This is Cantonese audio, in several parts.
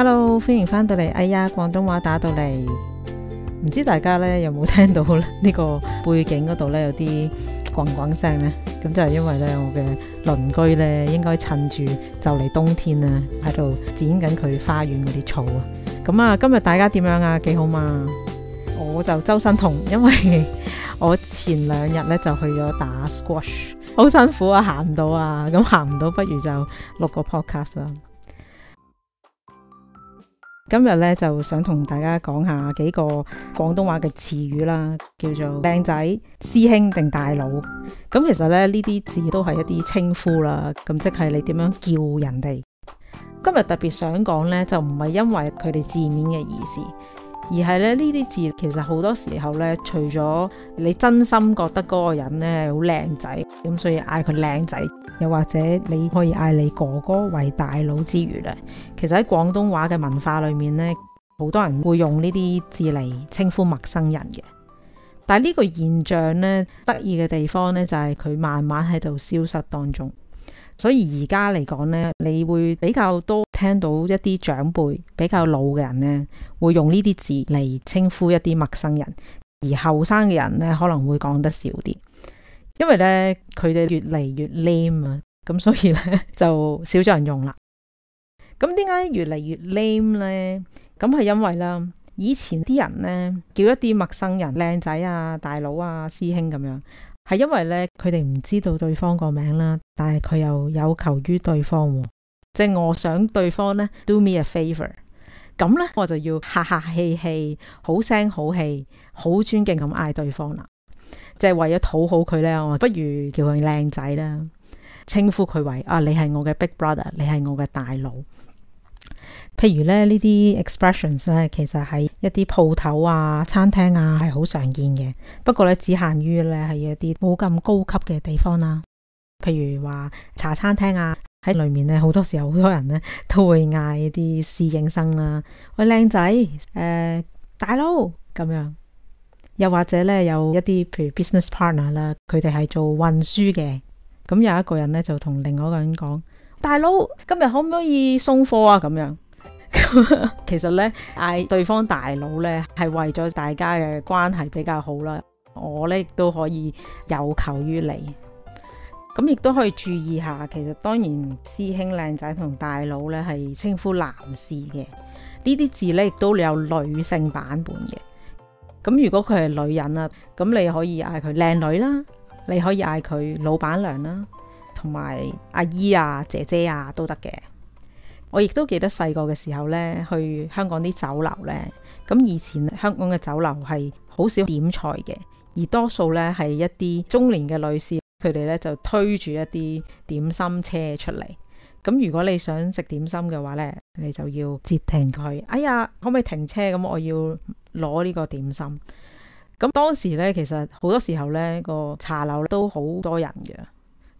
Hello，歡迎翻到嚟。哎呀，廣東話打到嚟，唔知大家咧有冇聽到呢個背景嗰度咧有啲咣咣聲咧？咁就係因為咧我嘅鄰居咧應該趁住就嚟冬天啦，喺度剪緊佢花園嗰啲草啊。咁啊，今日大家點樣啊？幾好嘛？我就周身痛，因為我前兩日咧就去咗打 squash，好辛苦啊，行唔到啊，咁行唔到，不如就錄個 podcast 啦。今日咧就想同大家講下幾個廣東話嘅詞語啦，叫做靚仔、師兄定大佬。咁其實咧呢啲字都係一啲稱呼啦，咁即係你點樣叫人哋。今日特別想講呢，就唔係因為佢哋字面嘅意思。而係咧，呢啲字其實好多時候呢，除咗你真心覺得嗰個人呢好靚仔，咁所以嗌佢靚仔，又或者你可以嗌你哥哥為大佬之餘呢，其實喺廣東話嘅文化裏面呢，好多人會用呢啲字嚟稱呼陌生人嘅。但係呢個現象呢，得意嘅地方呢，就係佢慢慢喺度消失當中。所以而家嚟講呢，你會比較多聽到一啲長輩比較老嘅人呢，會用呢啲字嚟稱呼一啲陌生人，而後生嘅人呢，可能會講得少啲，因為呢，佢哋越嚟越 lame 啊，咁所以呢， 就少咗人用啦。咁點解越嚟越 lame 呢？咁係因為啦，以前啲人呢，叫一啲陌生人靚仔啊、大佬啊、師兄咁樣。係因為咧，佢哋唔知道對方個名啦，但係佢又有求於對方，即係我想對方咧 do me a favour，咁咧我就要客客氣氣、好聲好氣、好尊敬咁嗌對方啦，即係為咗討好佢咧，我不如叫佢靚仔啦，稱呼佢為啊你係我嘅 big brother，你係我嘅大佬。譬如咧呢啲 expressions 咧，其實喺一啲鋪頭啊、餐廳啊係好常見嘅。不過咧只限於咧係一啲冇咁高級嘅地方啦、啊。譬如話茶餐廳啊，喺裏面咧好多時候好多人咧都會嗌一啲侍應生啦、啊，喂靚仔，誒、呃、大佬咁樣。又或者咧有一啲譬如 business partner 啦，佢哋係做運輸嘅，咁有一個人咧就同另外一個人講，大佬今日可唔可以送貨啊？咁樣。 其實咧，嗌對方大佬咧，係為咗大家嘅關係比較好啦。我咧亦都可以有求於你，咁亦都可以注意下。其實當然，師兄靚仔同大佬咧係稱呼男士嘅，呢啲字咧亦都有女性版本嘅。咁、嗯、如果佢係女人啦，咁你可以嗌佢靚女啦，你可以嗌佢老闆娘啦，同埋阿姨啊、姐姐啊都得嘅。我亦都記得細個嘅時候咧，去香港啲酒樓咧，咁以前香港嘅酒樓係好少點菜嘅，而多數咧係一啲中年嘅女士，佢哋咧就推住一啲點心車出嚟。咁如果你想食點心嘅話咧，你就要截停佢。哎呀，可唔可以停車？咁我要攞呢個點心。咁當時咧，其實好多時候咧個茶樓都好多人嘅。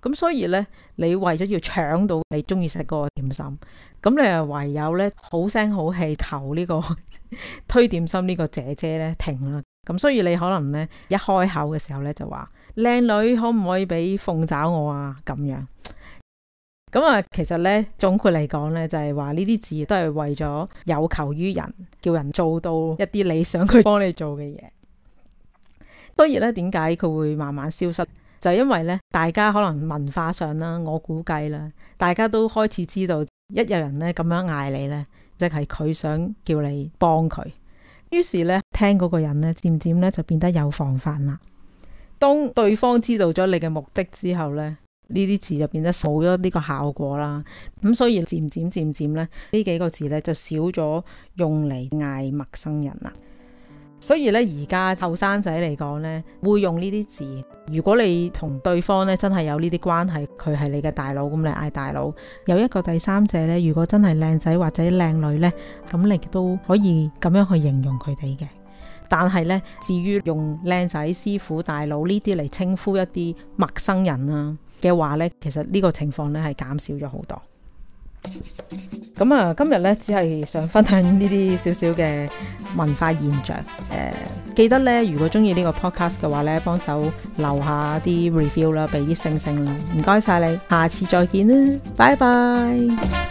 咁所以咧，你為咗要搶到你中意食嗰個點心，咁你啊唯有咧好聲好氣求呢個 推點心呢個姐姐咧停啦。咁所以你可能咧一開口嘅時候咧就話：靚女可唔可以俾鳳爪我啊？咁樣。咁啊，其實咧總括嚟講咧就係話呢啲字都係為咗有求於人，叫人做到一啲你想佢幫你做嘅嘢。當然咧，點解佢會慢慢消失？就因為咧，大家可能文化上啦，我估計啦，大家都開始知道，一有人咧咁樣嗌你咧，即係佢想叫你幫佢，於是咧聽嗰個人咧，漸漸咧就變得有防範啦。當對方知道咗你嘅目的之後咧，呢啲字就變得冇咗呢個效果啦。咁所以漸漸漸漸咧，呢幾個字咧就少咗用嚟嗌陌生人啦。所以咧，而家後生仔嚟講咧，會用呢啲字。如果你同對方咧真係有呢啲關係，佢係你嘅大佬，咁你嗌大佬。有一個第三者咧，如果真係靚仔或者靚女咧，咁你都可以咁樣去形容佢哋嘅。但係咧，至於用靚仔、師傅、大佬呢啲嚟稱呼一啲陌生人啊嘅話咧，其實呢個情況咧係減少咗好多。咁啊，今日咧只係想分享呢啲少少嘅文化現象。誒、呃，記得咧，如果中意呢個 podcast 嘅話咧，幫手留下啲 review 啦，俾啲星星啦，唔該晒你，下次再見啦，拜拜。